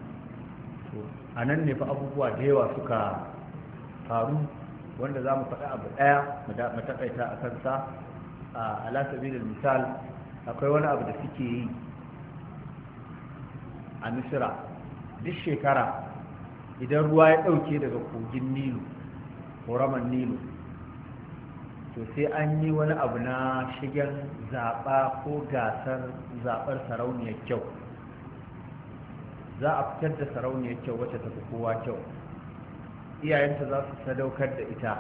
to a nan ne fa abubuwa da yawa suka faru wanda za mu faɗa abu ɗaya mu taƙaita a kansa a alasabilin misal akwai wani abu da suke yi a misira duk shekara idan ruwa ya ɗauke daga kogin nilu horaman nilu to sai an yi wani abu na shigar zaɓa ko gasar zaɓar sarauniyar kyau za a fitar da sarauniyar kyau wacce ta fi kowa kyau iyayenta za su sadaukar da ita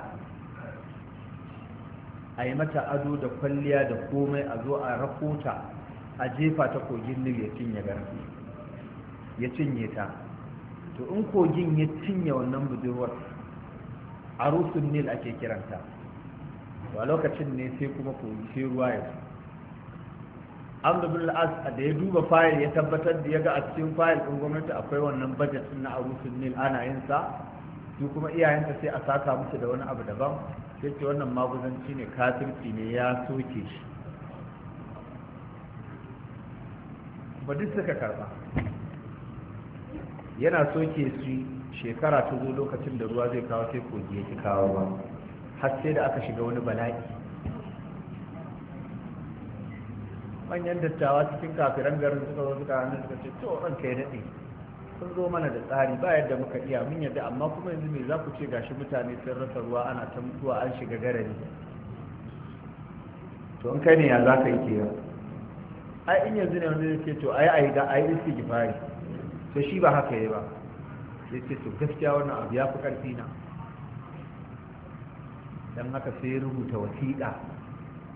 a yi mata ado da kwalliya da komai a zo a rakota a jefa ta kogin nil ya cinye ta to in kogin ya cinye wannan budurwar a rusun nil ake kiranta to a lokacin ne sai kuma kogi sai ruwa ya zo amr bin da ya duba fayil ya tabbatar da ya ga a cikin fayil ɗin gwamnati akwai wannan budget na arusun nil ana yin sa su kuma iyayenta sai a saka musu da wani abu daban sai ce wannan maguzanci ne kafirci ne ya soke shi ba duk suka karba yana soke su shekara ta zo lokacin da ruwa zai kawo sai kogi yake kawo ba har sai da aka shiga wani bala'i manyan dattawa cikin kafiran garin suka zo suka hannu suka ce to ranka ya daɗe sun zo mana da tsari ba yadda muka iya mun yadda amma kuma yanzu me za ku ce gashi mutane sun rasa ruwa ana ta mutuwa an shiga garari to in kai ne ya za ka yi kewa ai in yanzu ne wanda zai ce to ai ai ga ai fari. to shi ba haka yi ba sai ce su gaskiya wannan abu ya fi ƙarfi na don haka sai rubuta wasiƙa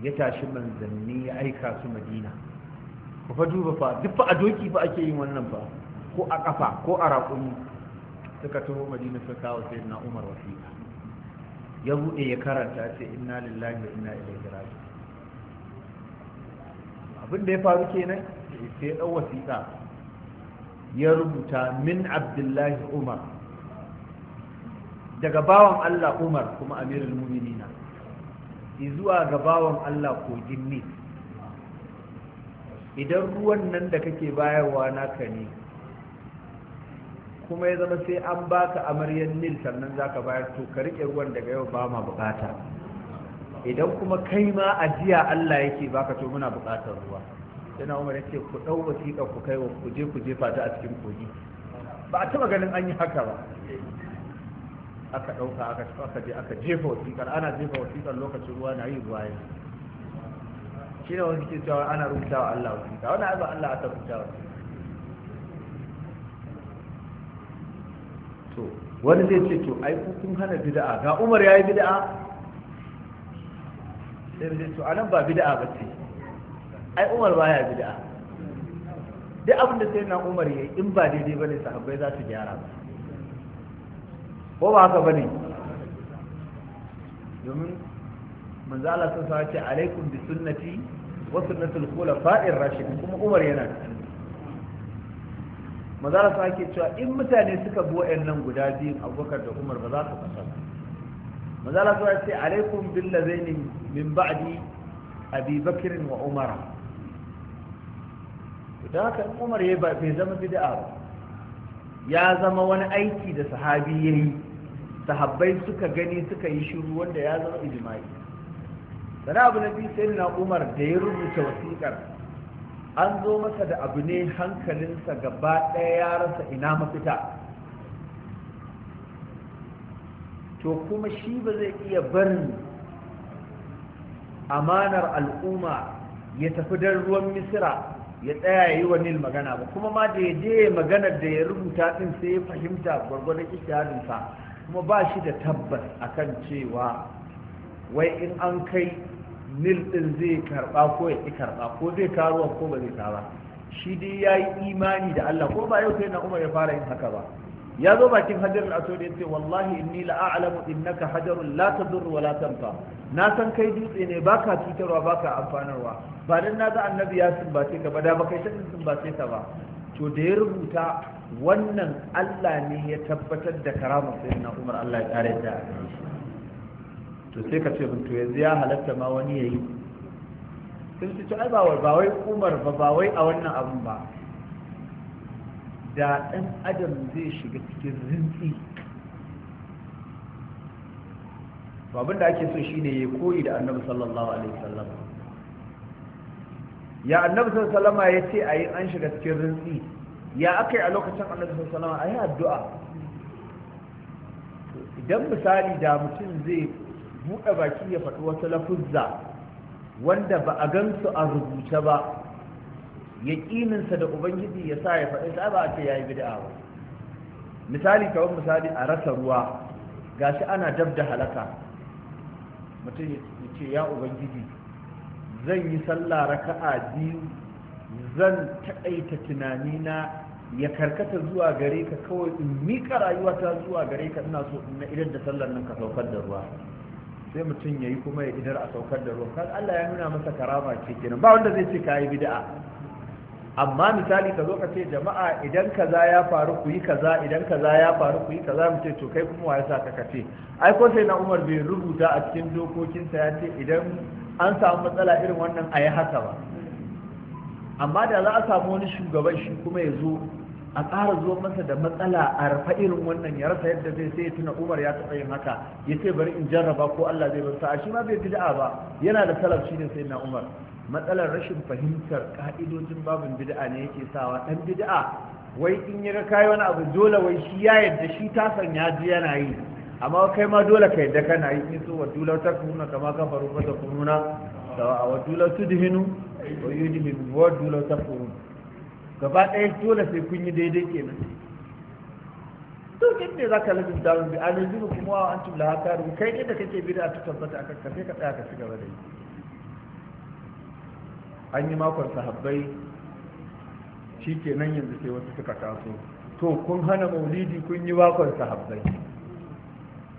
ya tashi manzanni ya aika su madina ku fa duba fa duk fa a doki fa ake yin wannan fa ko a ƙafa ko a raƙumi suka taho madina suka kawo sai na umar wasiƙa ya buɗe ya karanta ce inna lillahi wa inna ilaihi raji abin da ya faru kenan sai ɗan wasiƙa ya rubuta min abdullahi umar daga bawan allah umar kuma amirul muminina zuwa ga bawan allah kogin ne idan ruwan nan da kake bayarwa naka ne kuma ya zama sai an baka amaryar nil sannan zaka bayar to ka rike ruwan daga yau ba ma bukata idan kuma kai ma ajiya allah yake baka to muna bukatar ruwa sai na umar ya ce ku ɗau wasiƙa ku kai wa ku je ku jefa ta a cikin kogi ba a taɓa ganin an yi haka ba aka ɗauka aka taɓa aka je aka jefa wasiƙar ana jefa wasiƙar lokacin ruwa na yi ruwa yanzu shi ne wani ke cewa ana rubuta wa Allah wasiƙa wani abin Allah aka rubuta wa to wani zai ce to ai kun hana bid'a ga Umar yi bid'a sai zai to anan ba bid'a ba ce ai umar baya bid'a duk abin da sai na umar yayi in ba daidai bane sahabbai za su gyara ba ko ba haka bane domin manzo Allah sun sa ce alaikum bi sunnati wa sunnatul khulafa'ir rashidin kuma umar yana manzo Allah sai ke cewa in mutane suka bi wayannan guda biyu Abubakar da Umar ba za su fasa manzo Allah sa ce alaikum bil ladaini min ba'di Abi Bakr wa Umar da haka umar ya bai zama bid'a ba ya zama wani aiki da sahabi ya yi sahabbai suka gani suka yi shiru wanda ya zama ijma'i sana abu na biyu sai na umar da ya rubuta wasiƙar an zo masa da abu ne hankalinsa gaba ɗaya ya rasa ina mafita to kuma shi ba zai iya barin amanar al'umma ya tafi don ruwan misira ya tsaya ya yi wa nil magana ba kuma ma da ya je maganar da ya rubuta din sai ya fahimta gwargwadon ishtihadinsa kuma ba shi da tabbas a kan cewa wai in an kai nil ɗin zai karba ko ya ƙi karba ko zai karuwa ko ba zai karuwa shi dai ya yi imani da Allah ko ba yau sai na Umar ya fara yin haka ba ya zo bakin hajar al-aswad yace wallahi inni la a'lamu innaka hajarun la tadur wa la tanfa na san kai dutse ne baka cutarwa baka amfanarwa ba dan na ga annabi ya sumbace ka ba da baka san sumbace ka ba to da ya rubuta wannan Allah ne ya tabbatar da karamar na Umar Allah ya kare ta to sai ka ce mun to yanzu ya halatta ma wani yayi sun ce ai ba wai Umar ba ba wai a wannan abun ba da ɗan adam zai shiga cikin rintsi abin da ake so shi ne ya koyi da annabi sallallahu alaihi wasallam ya annabi sallallahu alaihi ya ce a yi an shiga cikin rintsi ya aka yi a lokacin annabi sallallahu alaihi a yi addu'a idan misali da mutum zai buɗe baki ya faɗi wasu lafuzza wanda ba a gansu a rubuce ba yaƙininsa da ubangiji ya sa ya faɗi ta ba a ce ya yi bid'a ba misali kawai misali a rasa ruwa gashi ana dab da halaka mutum ya ce ya ubangiji zan yi sallah raka'a biyu zan taƙaita tunanina ya karkata zuwa gare ka kawai in miƙa rayuwata zuwa gare ka ina so in na da sallar nan ka saukar da ruwa sai mutum ya yi kuma ya idar a saukar da ruwa kan Allah ya nuna masa karama ce kenan ba wanda zai ce ka yi bid'a amma misali ka zo ka ce jama'a idan kaza ya faru ku yi kaza idan kaza ya faru ku yi kaza mu ce to kai kuma wa sa ka kace ai ko sai na Umar bai rubuta a cikin dokokinsa ya ce idan an samu matsala irin wannan a yi haka ba amma da za a samu wani shugaban shi kuma ya zo a ƙara zuwa masa da matsala a rafa irin wannan ya rasa yadda zai sai tuna umar ya taɓa yin haka ya ce bari in jarraba ko allah zai bata shi ma bai bid'a ba yana da salaf shi ne sai na umar matsalar rashin fahimtar ka'idojin babin bid'a ne yake sawa dan bid'a wai in yi kai wani abu dole wai shi ya yadda shi ta san ya ji yana yi amma kai ma dole ka yadda kana yi in so wa dular ta kuna kama ka faru ba ta kununa sawa wa dular su dihinu wa yi dihinu wa dular ta kununa gaba ɗaya dole sai kun yi daidai kenan to kin ne zaka lafin dawon bi a yanzu kuma an antum la kai ne da kake bid'a ta tabbata akan ka sai ka tsaya ka ci gaba da yi an yi makon sahabbai shi ke nan yanzu sai wasu suka taso to kun hana maulidi kun yi makon sahabbai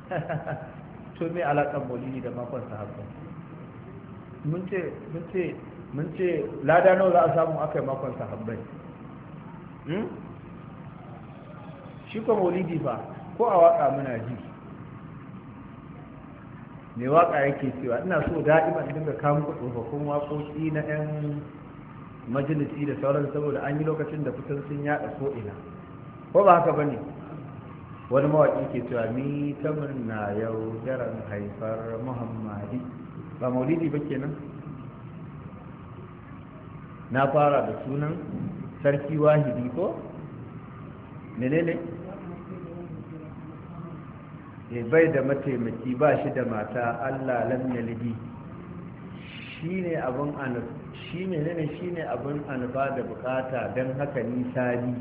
to me alaƙar maulidi da makon sahabbai mun ce lada nawa za a samu aka yi makon sahabbai hmm? shi ko maulidi fa ko a waka muna ji mai waka yake cewa ina so da'iman dinga kamun ku tsofaffin wakoki na 'yan majalisi da sauran saboda an yi lokacin da fitar sun yaɗa ko ina ko ba haka bane wani mawaki ke cewa ni ta murna yau daren haifar muhammadi ba maulidi ba kenan na fara da sunan sarki wahidi ko menene ya eh, bai da mataimaki ba shi da mata allah lam yalidi shi ne abin shi ne ne shi abin anufa da bukata don haka nisa bi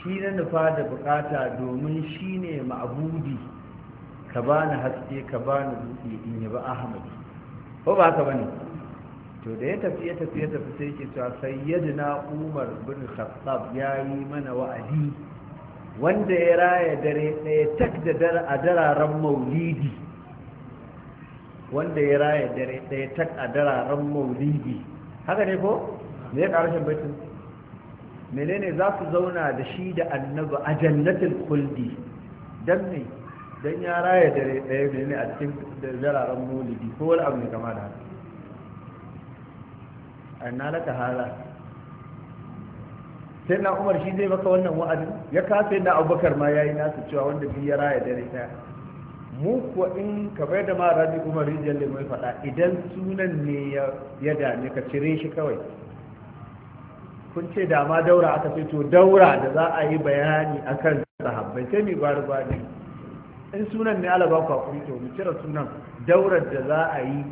shi na nufa da bukata domin shi ne ma'abudi ka bani haske ka bani dutse in yi ba ahmadi ko ba ka bane to da ya tafi ya tafi ya tafi sai ke cewa Na umar bin khattab ya yi mana wa'adi wanda ya raya dare ɗaya tak da a dararen maulidi wanda ya raya dare ɗaya tak a dararen maulidi haka ne ko me ya ƙarshen baitin menene za ku zauna da shi da annabi a jannatin kuldi don ne, don ya raya dare ɗaya menene a cikin dararen maulidi ko wani abu ne kama da haka annalaka hala sai na umar shi zai maka wannan wa'adin? ya kasa na abubakar ma ya yi nasu cewa wanda biyu ya raya dare ta mu kuwa in ka bai da ma rabi umar jalle mai faɗa idan sunan ne ya dame ka cire shi kawai kun ce da ma daura aka ce to daura da za a yi bayani akan sahabbai sai mai gwari gwari in sunan ne alaba kwakwuri to mu cire sunan daurar da za a yi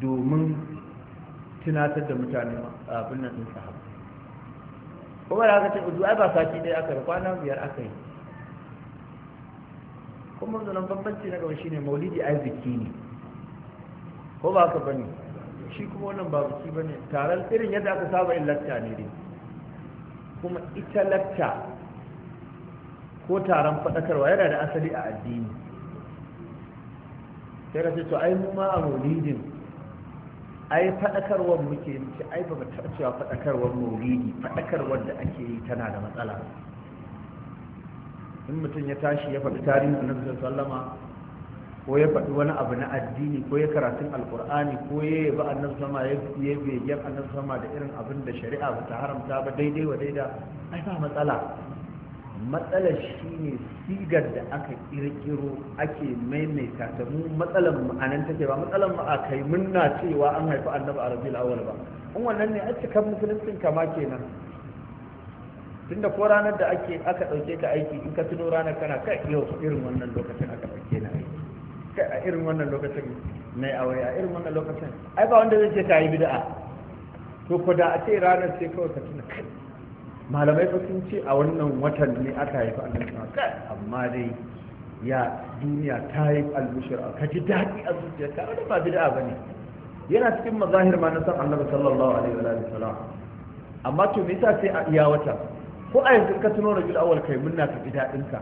domin tunatar da mutane abin nan sahabbai kuma da aka ce uzu ai ba sati ɗaya aka yi kwana biyar aka yi kuma zanen bambanci na gaba shine maulidi ai biki ne ko ba ka bane shi kuma wannan ba biki bane taron irin yadda aka saba yin lacca ne dai kuma ita lacca ko taron faɗakarwa yana da asali a addini sai ka ce to ai mu ma a maulidin ai faɗakarwar muke ce ai ba ta cewa faɗakarwar mauridi faɗakarwar da ake yi tana da matsala in mutum ya tashi ya faɗi tarihin annabi sallama ko ya faɗi wani abu na addini ko ya karatun alkur'ani ko ya yi ba annabi sama ya ya begen annabi sama da irin abin da shari'a ba ta haramta ba daidai wa daida ai ba matsala matsalar shi ne sigar da aka kirkiro ake maimaita ta mu matsalar ma'anan take ba matsalar mu a kai munna cewa an haifi annabi a rabiul al'awar ba in wannan ne a cikin musuluncin kama kenan tunda ko ranar da ake aka dauke ka aiki in ka tuno ranar kana kai yau irin wannan lokacin aka dauke na aiki kai a irin wannan lokacin mai aure a irin wannan lokacin ai ba wanda zai ce ta yi bida'a to ko da a ce ranar sai kawai ka tuna kai malamai fa sun ce a wannan watan ne aka haifi annabi amma dai ya duniya ta yi albushir ka ji daɗi a zuciya. ta wani ba bid'a ne yana cikin mazahir ma na san annabi sallallahu alaihi wa sallam amma to me yasa sai a iya wata ko a yanzu ka tuno rajul awwal kai munna ka ji daɗin ka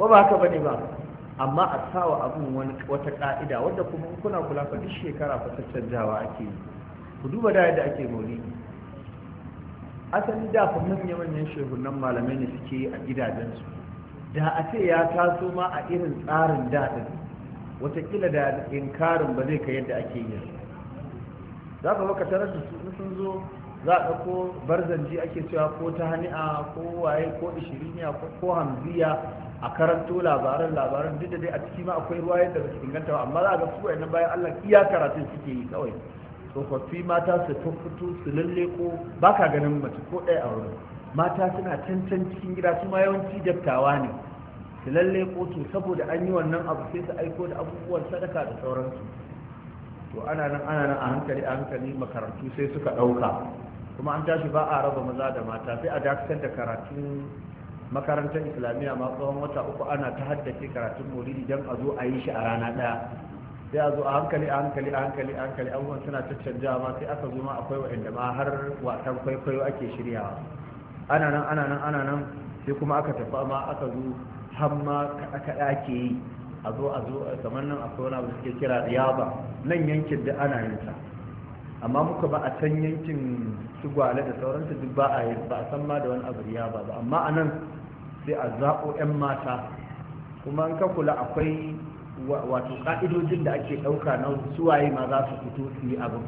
ko ba haka bane ba amma a sawa abun wani wata ka'ida wadda kuma kuna kula fa duk shekara fa canjawa ake yi ku duba da yadda ake maulidi asali da fa manyan manyan shehunan malamai ne suke a gidajensu da a ce ya taso ma a irin tsarin daɗin watakila da inkarin ba zai kai yadda ake yi za ka baka tarar da su sun zo za a ko barzanji ake cewa ko ta hani'a ko waye ko ishiriniya ko hamziya a karanto labaran labaran duk da dai a ciki ma akwai ruwa yadda ba su inganta ba amma za a ga su wayannan bayan allah iya karatun suke yi kawai tsofaffi mata su fito su lalle ko ba ka ganin mace ko ɗaya a wurin mata suna cancan cikin gida su ma yawanci dattawa ne su lalle ko to saboda an yi wannan abu sai su aiko da abubuwan sadaka da sauransu to ana nan ana nan a hankali a hankali makarantu sai suka ɗauka kuma an tashi ba a raba maza da mata sai a dakatar da karatun makarantar islamiyya ma tsawon wata uku ana ta haddace karatun maulidi don a zo a yi shi a rana ɗaya sai a zo a hankali a hankali a hankali a hankali abubuwan suna caccanja ma sai aka zo ma akwai wa'anda ma har wasan kwaikwayo ake shiryawa ana nan ana nan ana nan sai kuma aka tafi ma aka zo har ma kaɗa-kaɗa yi a zo a zo kamar nan akwai wani abu da suke kira riyaba nan yankin da ana yin sa amma muka ba a can yankin su gwale da sauransu duk ba a yi ba a san ma da wani abu riyaba ba amma a nan sai a zaɓo 'yan mata kuma an ka kula akwai wato ka'idojin da ake ɗauka na suwaye ma za su fito su yi abin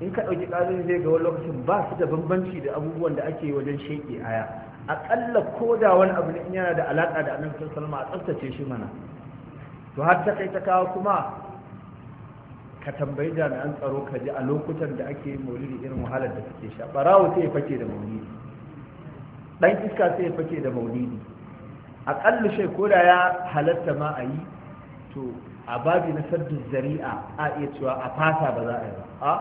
in ka ɗauki ƙarin zai ga wani lokacin ba su da bambanci da abubuwan da ake wajen sheƙe aya aƙalla ko da wani abu ne in yana da alaƙa da annabi salma a tsaftace shi mana to har ta kai ta kawo kuma ka tambayi jami'an tsaro ka ji a lokutan da ake yin maulidi irin wahalar da suke sha barawo sai ya fake da maulidi dan iska sai ya fake da maulidi aƙalla shai ko da ya halatta ma a yi to a babi na saddin zari'a a iya cewa a fasa ba za a yi ba a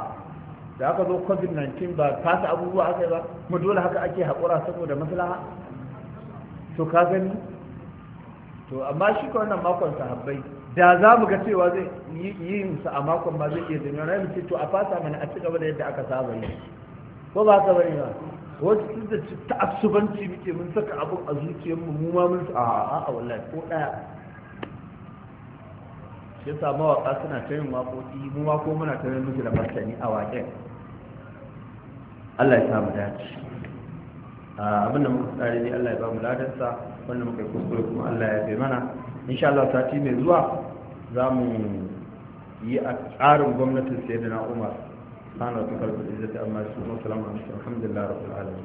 da aka zo covid-19 ba fasa abubuwa aka yi ba kuma dole haka ake haƙura saboda maslaha to ka gani to amma shi ka wannan makon sahabbai da za mu ga cewa zai yi su a makon ma zai iya zama rayu ce to a fasa mana a ci gaba da yadda aka saba yi ko ba ka bari ba wasu da ta'asubanci muke mun saka abun a zuciyarmu mu ma mun a a wallahi ko daya ya samu mawaka suna ta yin waƙoƙi mu ma muna ta yin musu da martani a waƙe Allah ya samu dace abin da muka tsari ne Allah ya ba mu ladarsa wanda muka yi kuskure kuma Allah ya bai mana insha Allah sati mai zuwa za mu yi a tsarin gwamnatin da Umar sanar wa ta'ala bi izzati amma su salamu alaikum alhamdulillah rabbil alamin